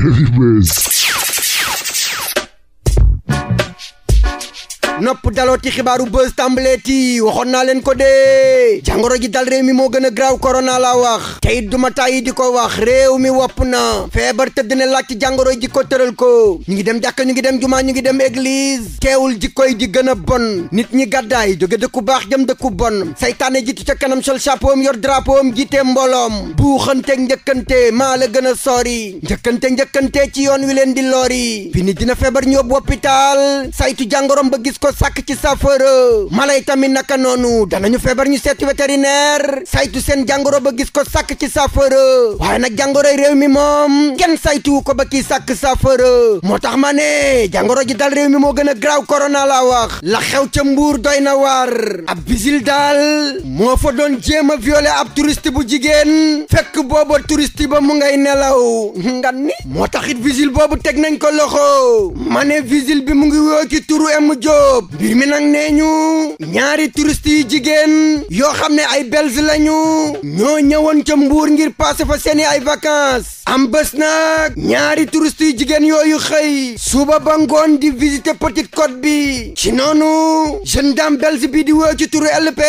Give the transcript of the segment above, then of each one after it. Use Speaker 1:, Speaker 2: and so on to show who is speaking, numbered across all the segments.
Speaker 1: Heavy Waves. nopp dalooti xibaaru buzz tàmbaleeti waxoon naa leen ko dee jàngoro ji dal réew mi moo gën a graaw korona la wax te it duma tàyyi di ko wax réew mi wopp na feebar tëdd na laaj ci jàngoro ji ko tëral ko ñu ngi dem jàkka ñu ngi dem jumaa ñu ngi dem église teewul jikkoy di gën a bon nit ñi gàddaay jóge dëkku baax jëm dëkku bon saytaane jiitu ca kanam sol chapeau am yor drapeau am jiite mbooloom buuxante njëkkante maa la gën a sori njëkkante njëkkante ci yoon wi leen di lori fi nit dina feebar ñu yóbbu hôpital saytu gis ko ko sàkk ci saafara mala yi tamit naka dana ñu feebar ñu seeti vétérinaire saytu seen jàngoro ba gis ko sakk ci saafara waaye nag jàngoroy réew mi moom kenn saytuwu ko ba kii sakk saafara moo tax ma ne jàngoro ji dal réew mi moo gën a graaw corona la wax la xew mbuur doy na waar ab bisil daal moo fa doon jéem a ab turist bu jigéen fekk booba touriste ba mu ngay nelaw ngan ni moo taxit visil boobu teg nañ ko loxo ma ne bi mu ngi woo ci turu em Diop mbir mi nag nee ñu ñaari touriste yi jigéen yoo xam ne ay belge lañu ñoo ñëwoon ca Mbour ngir passé fa seeni ay vacances am bés nag ñaari touriste yi jigéen yooyu xëy suba ba ngoon di visiter Petite Côte bi ci noonu jeune dame belge bi di woo ci turu LP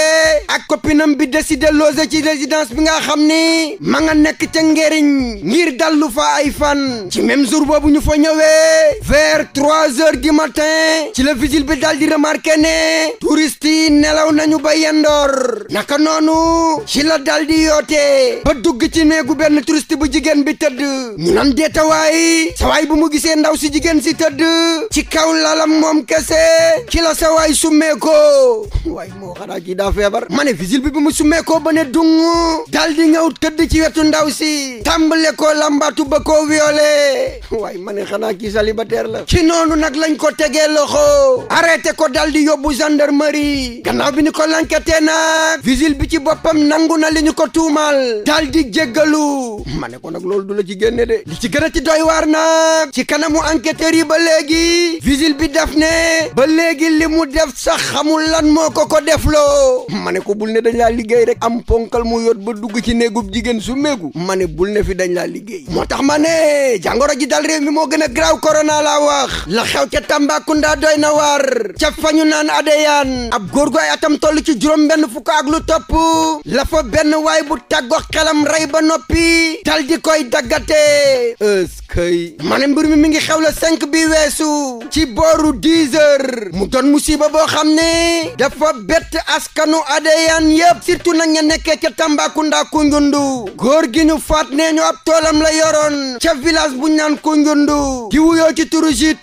Speaker 1: ak copinam bi décidé loger ci résidence bi nga xam ni ma nga nekk ca ngeriñ ngir dallu fa ay fan ci même jour boobu ñu fa ñëwee vers trois heures du matin ci la visite bi dal di remarqué ne touriste yi nelaw nañu ba yendoor naka noonu ci la dal di yoote ba dugg ci néegu benn touriste bu jigéen bi tëdd ñu nan deetawaay sawaay bu mu gisee ndaw si jigéen si tëdd ci kaw lalam moom kese ci la sawaay summee ko waaye moo xanaa kii daa feebar ma ne vigile bi bi mu summee ko ba ne dung dal di ñëw tëdd ci wetu ndaw si tàmbale ko lambatu ba ko violé waaye ma ne xanaa kii célibataire la ci noonu nag lañ ko tegee loxo arrêté arrêté ko dal di yóbbu gendarmerie gannaaw bi ni ko lanketee nag vigile bi ci boppam nangu na li ñu ko tuumal dal di jéggalu ma ne ko nag loolu du la ci génne de li ci gën a ci doy waar nag ci kanamu enquêteurs yi ba léegi vigile bi daf ne ba léegi li mu def sax xamul lan moo ko ko defloo ma ne ko bul ne dañ laa liggéey rek am ponkal mu yot ba dugg ci néegub jigéen su méegu ma ne bul ne fi dañ laa liggéey moo tax ma ne jàngoro ji dal réew mi moo gën a graaw korona laa wax la xew doy na waar ca fañu naan adeyaan ab góor gu ay atam toll ci juróom benn fukk ak lu topp la benn waay bu tàggoo xelam rey ba noppi dal di koy daggatee eskay ma ne mi mi ngi xew la cinq bi weesu ci booru dix heures mu doon musiba boo xam ne dafa bett askanu adeyaan yëpp surtout nag ña nekkee ca Tambacounda Koungheul góor gi ñu faat nee ñu ab toolam la yoroon ca village bu ñu naan Koungheul di wuyoo ci turu ji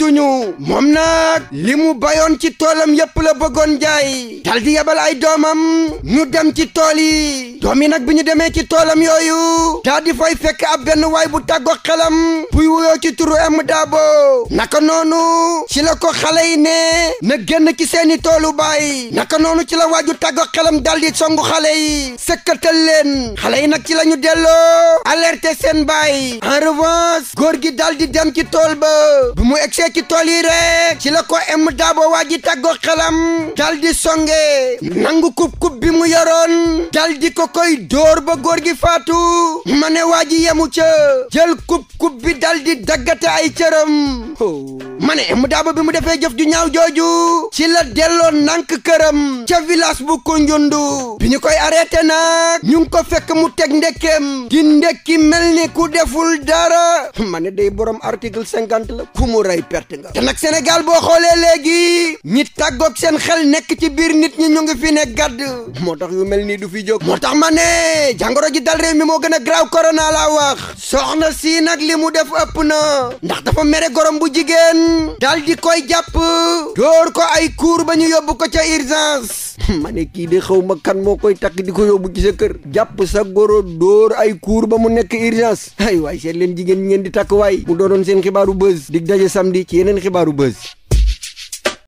Speaker 1: moom nag li bayoon ci toolam yëpp la bëggoon jaay dal di yabal ay doomam ñu dem ci tool yi doom yi nag bi ñu demee ci toolam yooyu daa di fay fekk ab benn waay bu tàggo xelam buy wuyoo ci turu am daabo naka noonu ci la ko xale yi ne na génn ci seeni toolu baay naka noonu ci la waaju tàggo xelam dal di songu xale yi sëkkatal leen xale yi nag ci la ñu delloo alerter seen baay en revanche góor gi dal di dem ci tool ba bu mu egsee ci tool yi rek ci la ko am daabo waa ji tàggo xelam dal di songe nangu kub kub bi mu yoroon dal ko koy dóor ba góor gi faatu ma ne waa ji yemu ca jël kub kub bi dal di daggate ay cëram oh. ma ne mu daaba bi mu defee jëf ju ñaaw jooju ci la delloo nànk këram ca village bu Kunjundu bi ñu koy arrêté nag ñu ngi ko fekk mu teg ndekkeem di ndekki mel ni ku deful dara ma ne day borom article cinquante la ku mu rey perte nga te nag Sénégal boo xoolee léegi ñi tàggoog seen xel nekk ci biir nit ñi ñu ngi fi ne gàdd moo tax yu mel nii du fi jóg moo tax ma ne jàngoro ji dal réew mi moo gën a graaw corona laa wax soxna si nag li mu def ëpp na ndax dafa mere gorom dal di koy jàpp dóor ko ay kuur ba ñu yóbbu ko ca urgence ma ne kii de xaw ma kan moo koy takk di ko yóbbu ci sa kër jàpp sa goro dóor ay kuur ba mu nekk urgence ay waay seet leen jigéen ñi ngeen di takk waay mu doonoon seen xibaaru buzz dig daje samedi ci yeneen xibaaru buzz